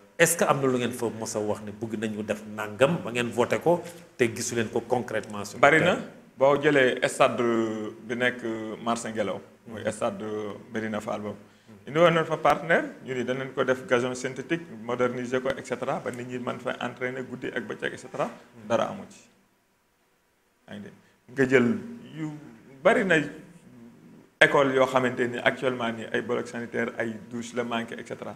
Speaker 1: est ce que am na lu ngeen fa mossa wax ni bëgg nañu def nangam ba ngeen voter ko te gisu leen ko concrètement. sur bari na
Speaker 2: boo jëlé stade bi nek marché ngelaw. muy stade Medina Fall boobu. indi woon nañ fa partenaire ñu ni leen ko def gazon synthétique moderniser ko et cetera ba nit ñi man fa entraîner goudi ak ak et cetera dara amu ci. yaa nga jël yu bari na école yo xamanteni actuellement ni ay bloc sanitaire ay douche le manque et cetera.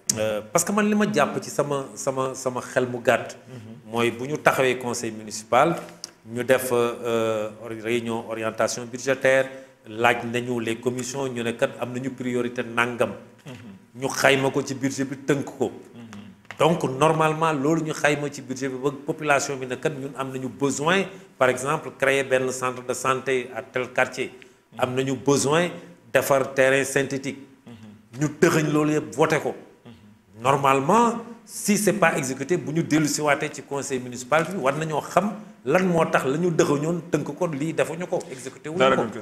Speaker 1: Euh, parce que man me japp que ci sama sama sama xel mu conseil municipal ñu def euh, euh, réunion orientation budgétaire laaj nañu les commissions ñu ne kat priorités. priorité nangam. ñu xayma ko ci budget bi teunk ko. donc normalement lolu ñu xayma ci budget bi population bi ne besoin par exemple créer un centre de santé à tel quartier. Nous avons besoin un terrain synthétique. ñu teugñ lolu pour voter normalement si c'est pas exécuté bu ñu dellu si waatee ci conseil municipal bi war nañoo xam lan moo tax la ñu dëxañoon tënk ko lii defuñu ko exécuté wuñu ko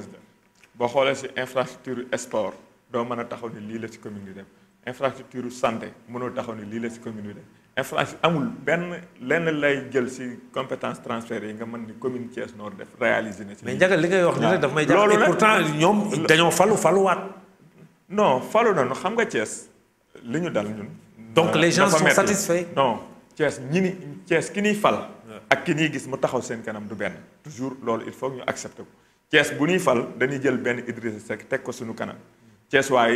Speaker 1: boo xoolee si infrastructure
Speaker 2: sport doo mën a taxaw ni lii la si commune bi infrastructure santé mënoo taxaw ni lii la si commune infrastructure amul benn lenn lay jël si compétence transfert yi nga mën ni commune Thiès Nord def réaliser na si mais njagal li ngay wax ni la daf may jàpp et pourtant ñoom
Speaker 1: dañoo falu faluwaat
Speaker 2: non falu nañu xam nga Thiès li ñu dal ñun donc les gens sont satisfaits non Thiès ñi ni ki ñuy fal ak ki ni gis mu taxaw seen kanam du ben. toujours loolu il faut ñu accepter ko Thiès bu ñuy fal dañuy jël ben Idrissa Seck tek ko suñu kanam Thiès waa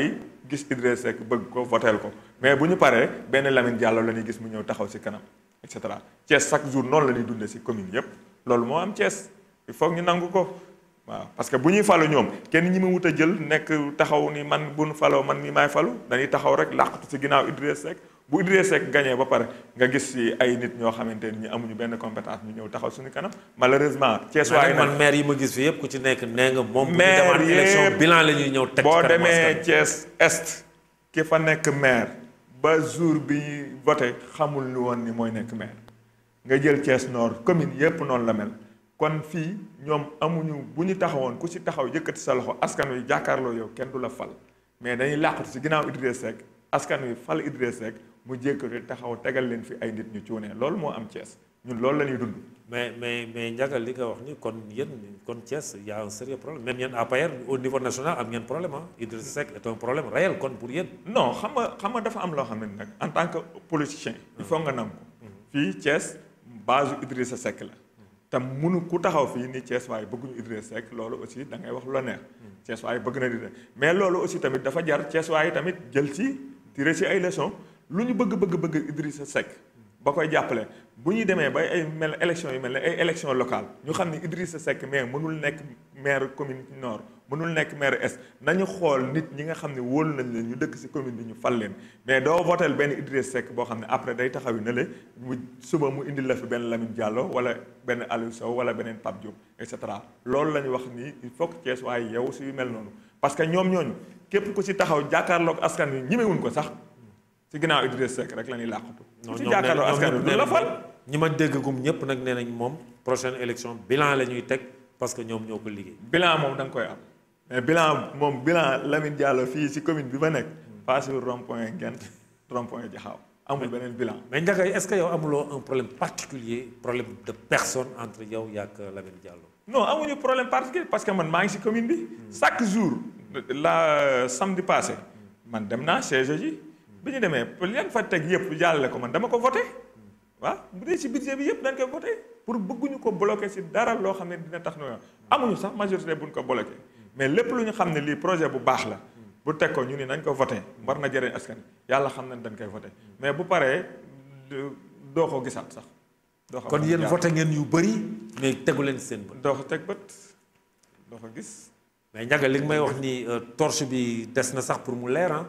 Speaker 2: gis Idrissa Seck bëgg ko voteel ko mais bu ñu paree benn Lamine Diallo la ñuy gis mu ñëw taxaw si kanam etc. cetera chaque jour non la ñuy dundee si commune yépp loolu moo am Thiès il faut ñu nangu ko waaw parce que bu ñuy falu ñoom kenn ñi ma wut a jël nekk taxaw ni man bu nu faloo man mi maay falu dañuy taxaw rek làqatu si ginnaaw Idriss bu Idriss Seck gagné ba pare nga gis si ay nit ñoo xamante ni amuñu benn compétence ñu ñëw taxaw suñu kanam malheureusement.
Speaker 1: Thiès waaye nag man maire yi ma gis fi yëpp ku ci nekk nee nga moom. bu ñu demaat élection bilan la ñuy ñëw teg boo demee Thiès
Speaker 2: est ki fa nekk maire ba jour bi voté xamul lu woon ni mooy nekk maire nga jël Thiès noor commune yëpp noonu la mel. kon fii ñoom amuñu bu ñu taxawoon ku si taxaw yëkkati sa loxo askan wi jàkkaarloo yow kenn du la fal mais dañuy làqatu ci ginnaaw Idrissa Seck askan wi fal Idrissa Seck mu jékkati taxaw tegal leen fi ay nit ñu cuune loolu moo am Thiès ñun loolu la ñuy dund.
Speaker 1: mais mais mais njagal li nga wax ni kon yéen kon cees y' a un sérieux problème même yéen APR au niveau national am ngeen problème ah Idrissa Seck est problème réel kon pour yéen. non xam nga xam nga dafa am loo xam ne nag en tant que
Speaker 2: politicien. il faut nga nam mm-hmm. ko. fii Thiès base Idrissa Seck la. te mënu ku taxaw fii ni Thiès waay bëgguñu Idrissa Seck loolu aussi da ngay wax lu la neex Thiès waay bëgg na di mais loolu aussi tamit dafa jar Thiès waay tamit jël ci tiré ci ay bëgg bëgg bëgg ba koy jàppale bu ñu demee ba ay mel élection yu mel ne ay élection locale ñu xam ne Idrissa Seck mais mënul nekk maire commune nord mënul nekk maire est nañu xool nit ñi nga xam ne wóolu nañ leen ñu dëkk si commune bi ñu fal leen mais doo votel benn Idrissa Seck boo xam ne après day taxaw na le mu suba mu indi la fi benn Lamine jàlloo wala benn Aliou Sow wala beneen Pape Diop et cetera loolu la ñu wax nii il faut que Thiès waaye yow si yu mel noonu parce que ñoom ñooñu képp ku si taxaw jàkkaarloog askan wi ñemewuñ ko sax ci ginnaaw Idriss Seck rek la ñuy làqatu.
Speaker 1: ñoom ñoom askan wi la fal. ñi ma dégg gum ñëpp nag nee nañ moom prochaine élection bilan la ñuy teg parce que ñoom ñoo ko liggéey. bilan moom da
Speaker 2: nga koy am. mais bilan moom bilan Lamine Diallo fii si commune bi ma nekk.
Speaker 1: Fassil rond-point Gent rond-point Jaxaaw. amul beneen bilan. mais Ndiaga est-ce que yow amuloo un problème particulier problème de personne entre yow yaak Lamine Diallo.
Speaker 2: non amuñu problème particulier parce que man maa ngi si commune bi. Hmm. chaque jour la euh, samedi passé man dem naa siège ji bi ñu demee leen fa teg yëpp jàllale ko man dama ko voté waaw bu dee si budget bi yëpp dañ koy voté pour bëgguñu ko bloqué si dara loo xam ne dina tax na amuñu sax majorité buñ ko bloqué mais lépp lu ñu xam ne projet bu baax la bu teg ko ñu ni nañ ko voté war na jëriñ askan yàlla xam nañ dañ koy voté mais bu paree
Speaker 1: doo ko gisaat sax doo kon yéen voté ngeen yu bëri mais tegu leen seen bët doo ko teg ko gis mais ñaga li nga wax ni euh, torche bi des na sax pour mu leer hein.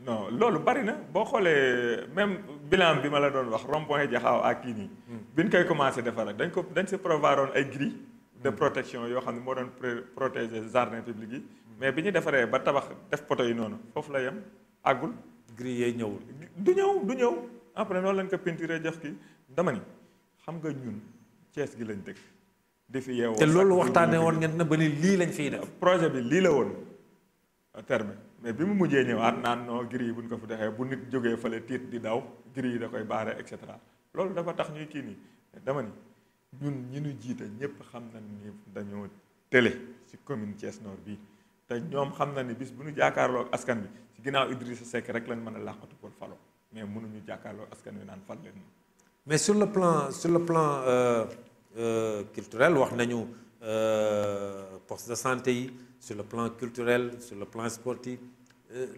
Speaker 2: non loolu bari na même bilan bi ma la doon wax point ak
Speaker 3: hmm.
Speaker 2: koy commencé ko dañ ay de hmm. protection yo xam mo doon protéger jardin public yi. Hmm. mais bi ñu ba tabax def poto yi fofu la yam agul grilles du du après non lañ ko jox dama ni xam nga ñun ties gi lañ tek di fi projet bi lii la terme. mais bi mu mujjee ñëwaat naan non giri yi buñ ko fi defee bu nit jógee fële tiit di daw giri yi da koy baare et cetera loolu dafa tax ñuy kii nii dama ni ñun ñi ñu jiite ñëpp xam na ni dañoo télé ci commune Thiès bi te ñoom xam na ni bis bu ñu jàkkaarloo askan bi ci ginnaaw Idrissa Seck rek lañ mën a làqatu pour falo mais mënuñu jàkkaarloo askan bi naan fal leen
Speaker 1: mais sur le plan sur le plan euh, euh, culturel wax nañu euh, poste de santé yi sur le plan culturel sur le plan sportif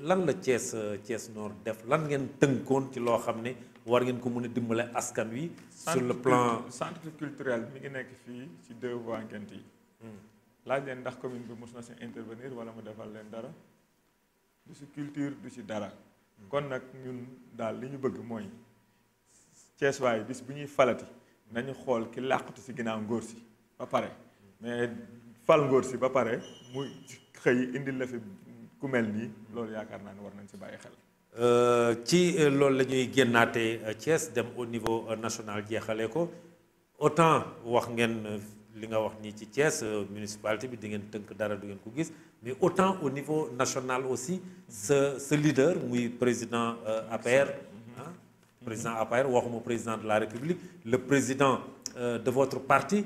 Speaker 1: lan la cees cees euh, Nord def lan ngeen tënkoon ci loo xam ne war ngeen ko mun a dimbale askan wi. sur le plan
Speaker 2: centre culturel mi ngi nekk fii ci deux voies ngent yi. Hmm. laaj leen ndax commune bi mos na si intervenir wala mu defal leen dara du si culture du si dara. Hmm. kon nag ñun daal li ñu bëgg mooy Thiès waay bis bu ñuy falati nañu xool ki làqatu si ginnaaw ngóor si ba pare hmm. mais fal ngóor si ba pare mu xëy indil la fi. ku mel nii loolu yaakaar naa war nañ ci baye xel.
Speaker 1: Euh, ci euh, lolou lañuy gennaté génnaatee euh, Thiès dem au niveau national jeexale ko autant wax ngeen li nga wax ni ci Thiès municipalité bi di ngeen teunk dara du ngeen ko gis mais autant au niveau national aussi ce ce leader muy président APR. Hein, président APR waxuma président de la République le président euh, de votre parti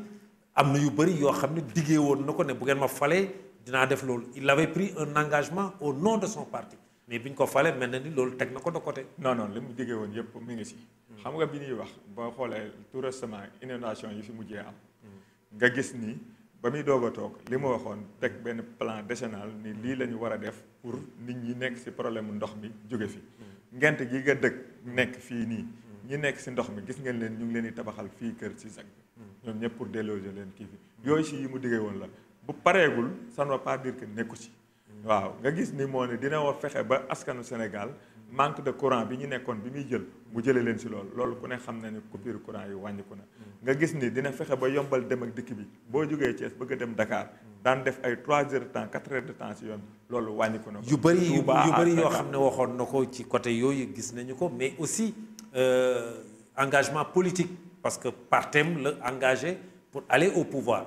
Speaker 1: amna yu bëri yo xam digé won woon na ko ne bu ngeen ma falé dina def loolu il avait pris un engagement au nom de son parti mais bi ko falee mel na ni loolu teg na ko côté. non non limu mu diggee woon
Speaker 2: mi ngi ci xam nga bi ñuy wax boo xolé tout récemment inondation yi fi mujjé am. nga gis ni ba muy doog a toog li mu waxoon plan décennal ni li lañu wara def pour nit ñi nekk ci problème ndox mi jóge fi. ngent gi ga dëkk nekk fi ni ñi nekk ci ndox mi gis ngeen leen ñu ngi leen di tabaxal fi kër ci ZAC. ñom ñep pour déloger leen kii fi yooyu si yi mu diggee woon la bu pareegul ça ne veut pas dire que nekku ci. waaw nga gis ni mo ne dina war fexe ba askanu Sénégal manque de courant bi ñu nekkoon bi muy jël mu jëlee len ci loolu loolu ku ne xam na ne coupure courant yi wàññiku na. nga gis ni dina fexe ba yombal dem ak dikk bi boo jógee Thiès bëgg dem Dakar. dan def ay 3 heures de temps 4 heures de temps ci yoon loolu
Speaker 1: wàññiku na. yu bari yu bari yo xam ne nako ci côté yooyu gis nañu ko mais aussi euh, engagement politique parce que par thème la engagé pour aller au pouvoir.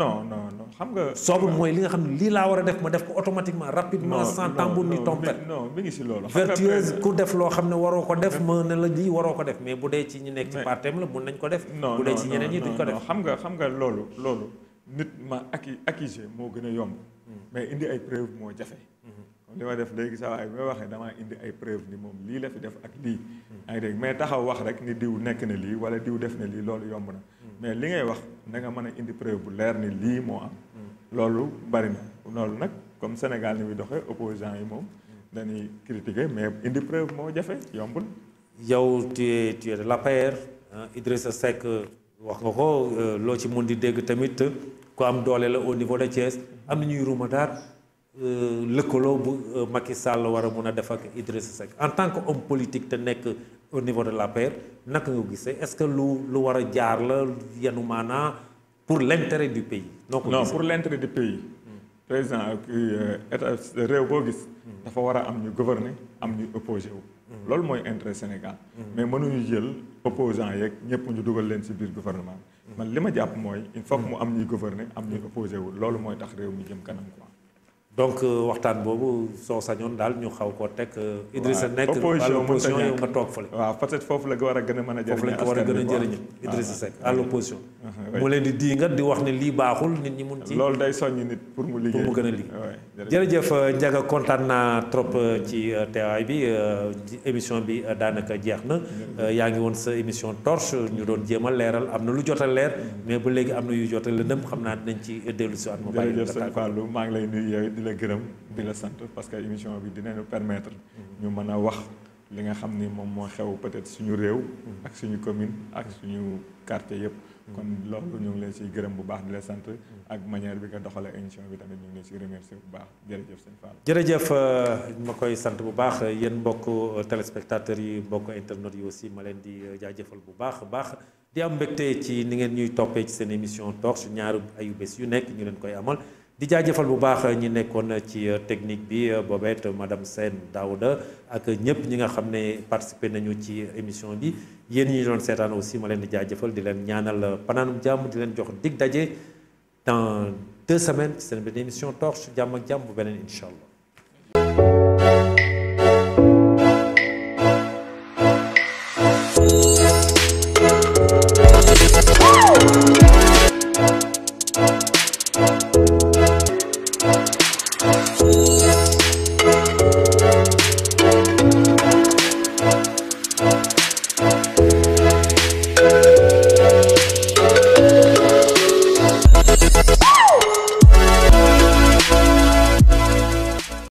Speaker 1: non non non xam nga. sobre mooy li nga xam ne lii laa war a def ma def ko automatiquement rapidement. sans tambour ni trompette non mi ngi si loolu. vertueuse ku def loo xam ne waroo ko def ma ne la lii waroo ko def mais bu dee ci ñu nekk ci partem la mun nañ ko def. bu dee ci ñeneen ko def xam nga xam nga loolu
Speaker 2: loolu. nit ma accu accusé moo gën a yomb. Hmm. mais indi ay preuve moo jafe. Hmm. li ma def léegi saa waaye bi ma waxee damaa indi ay preuve ni moom lii la fi def ak lii. Hmm. yaa dégg mais taxaw wax rek ni diw nekk ne lii wala diw def na lii loolu yomb na. mais li ngay wax na nga mën a indi preuve bu leer ni lii moo am. loolu bari na loolu nag comme Sénégal ni muy doxee opposants yi moom. dañuy critiquer mais indi preuve moo jafe yombul.
Speaker 1: yow tu es la es de l'APR Idrissa Seck euh, wax nga ko euh, loo ci mun di dégg tamit ku am doole la au niveau de Thiès am na ñuy rumadaat euh, lëkkaloo bu Macky Sall war a mun a defak ak Idrissa Seck en tant que homme politique te nekk au niveau de la l'APR naka nga gisee est-ce que lu lu war a jaar la yenu maanaa pour l'intérêt du pays. noo ko non pour l'intérêt du pays. Hmm. président ak euh, état réew koo
Speaker 2: gis. Hmm. dafa war a am ñu gouverne am ñu opposé wu. Hmm. loolu mooy intérêt Sénégal. mais mënuñu jël opposant yeeg ñëpp ñu dugal leen ci biir gouvernement man li ma jàpp mooy. il faut mu am ñuy gouverner am ñuy opposé wu loolu mooy tax réew mi jëm kanam quoi.
Speaker 1: donc euh, waxtaan boobu soo sañoon daal ñu xaw ko teg. Euh, Idrissa nekk à l'opposition yow nga toog fële. waaw peut-être foofu la ko war a gën a mën a jëriñ. foofu la ko war a a jëriñ Idrissa Seck à ah, l'opposition. Ah, mu leen di dii nga di wax ne lii baaxul nit ñi mun ci. loolu day soññ nit pour mu liggéey pour mu gën a liggéey. Ah, jërëjëf euh, Ndiaga kontaan naa trop ci teewaay bi émission bi daanaka jeex na. yaa ngi woon sa émission torche ñu doon jéem a leeral am na lu jota leer. Mm-hmm. mais ba léegi am na yu jot a lëndëm xam naa dinañ ci dellu si waat
Speaker 2: ma bàyyi di la gërëm di la sant parce que émission bi dinañu permetre ñu mën a wax li nga xam ni moom moo xew peut-être suñu réew ak suñu commune ak suñu quartier yëpp kon loolu ñu ngi leen siy gërëm bu baax di la sant ak manière bi nga doxalee émission bi tamit ñu ngi leen siy remercier bu baax jërëjëf sëñ Fall
Speaker 1: jërëjëf euh, ma koy sant bu baax yéen mbokk téléspectateurs yi mbokk internautes yi aussi ma leen di euh, jaajëfal bu baax baax di am mbégte ci ni ngeen ñuy toppee ci seen émission toog torche ñaaru ayu bés yu nekk ñu leen koy amal di jaajëfal bu baax ñi nekkoon ci technique bi bobet madame Sen, Daouda ak ñëpp ñi nga xam ne participé nañu ci émission bi yéen ñi doon seetaan aussi ma leen di jaajëfal di leen ñaanal panaanum jàmm di leen jox dig daje dans deux semaines c'est une émission torche jàmm ak jàmm bu beneen Inshallah. allah.